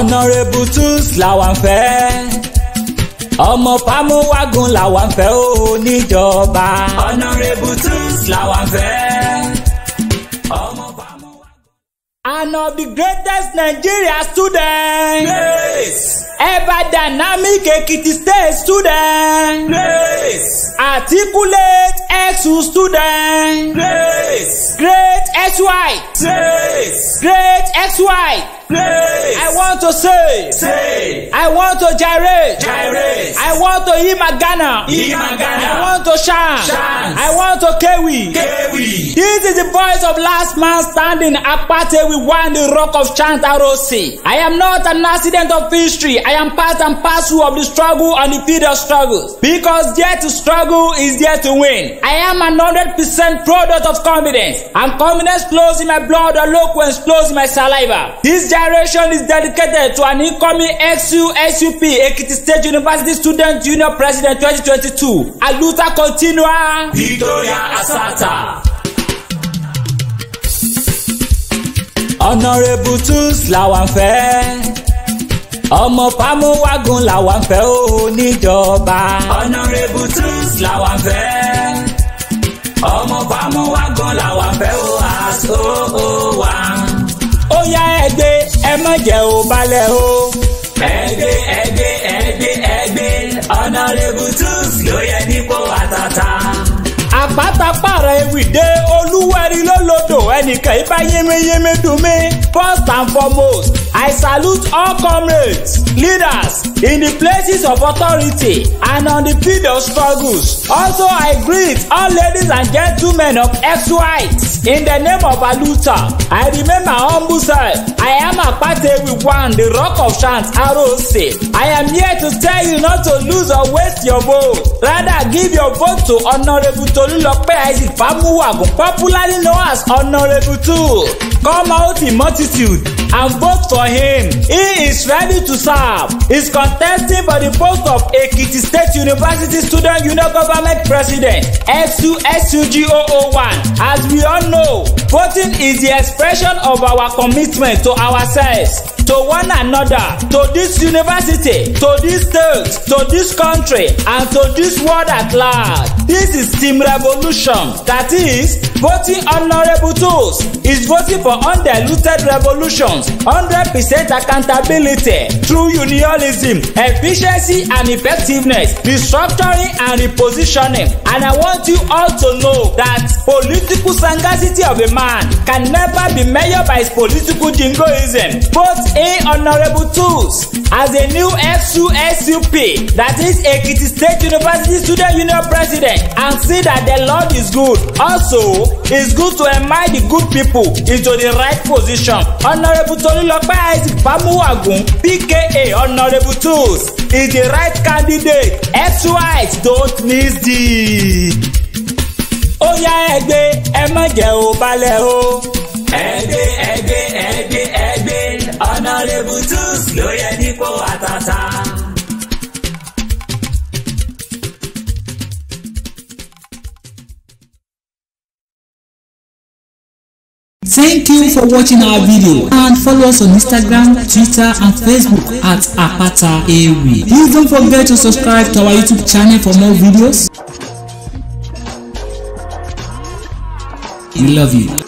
Honorable Tunes làwa ń fẹ́. Ọmọ Fámúwágùn làwa ń fẹ́ ó níjọba. Honorable Tunes làwa ń fẹ́. And of the greatest Nigeria students. Grace. Ever dynamic Ekiti State student. Grace. Articulate EXU student. Grace. Great XY. Grace. Great XY. Place. I want to say, say. I want to gyrate. Gyrate. I want to imagana. Imagana. I want to shine. Shine. I want to kewi. Kewi. This is the voice of last man standing. Aparte, we won the rock of chant ROC. I am not an accident of history. I am part and parcel of the struggle and the field of struggles. Because there to struggle is there to win. I am an percent product of confidence. And confidence flows in my blood, eloquence flows in my saliva. This generation is dedicated to an incoming XUSUP Ekiti State University Student Union President 2022. Aluta continua. Victoria Asata. Honourable tools làwọn fẹ́ ọmọ fámúwágùn làwọn fẹ́ o níjọba. honourable tools làwọn fẹ́ ọmọ fámúwágùn làwọn fẹ́ ó àṣọ ó wà yá ẹgbẹ́ ẹ má jẹ́ ò balẹ̀ o. ẹgbẹ́ ẹgbẹ́ ẹgbẹ́ ẹgbẹ́ ọ̀nàrẹ́bù tools ló yẹ nípò àtàtà. àpáta pààrọ̀ ewì dé ó nìkan ibà yéméyémé dùn mí first and foremost I salute all comrades, leaders in the places of authority and on the field of struggles. Also, I greet all ladies and gentlemen of ex-whites in the name of Aluta. I remain humble self. I am with One, the rock of Shant, Aro State. I am here to tell you not to lose or waste your vote. Rather, give your vote to Honourable Tolulope Isaac Famuwagun, popularly known as Honourable level two. Come out in multitude and vote for him. He is ready to serve. He's contesting for the post of Ekiti State University Student Union Government President s 2 SUSUGOO1. As we all know, voting is the expression of our commitment to ourselves to one another to this university to this state to this country and to this world at large. This is team revolution that is voting honourable tools is voting for undiluted revolutions hundred percent accountability through unionism efficiency and effectiveness restructuring and repositioning and I want you all to know that political sagacity of a man can never be measured by his political jingoism both A. Honorable Tools as a new FSUSUP, that is Ekiti State University Student Union President, and see that the Lord is good. Also, it's good to admire the good people into the right position. Honorable Tolulope Isaac Famuwagun, PKA Honorable Tools, is the right candidate. FSUIs don't miss the. Ó yá ẹgbẹ́ ẹ má jẹ́ ó balẹ̀ o. Ẹgbẹ́. Kudus ló yẹ nípò àtàtà. Thank you for watching our video and follow us on Instagram, Twitter and Facebook at Apata Ewi. Please don't forget to subscribe to our YouTube channel for more videos. We love you.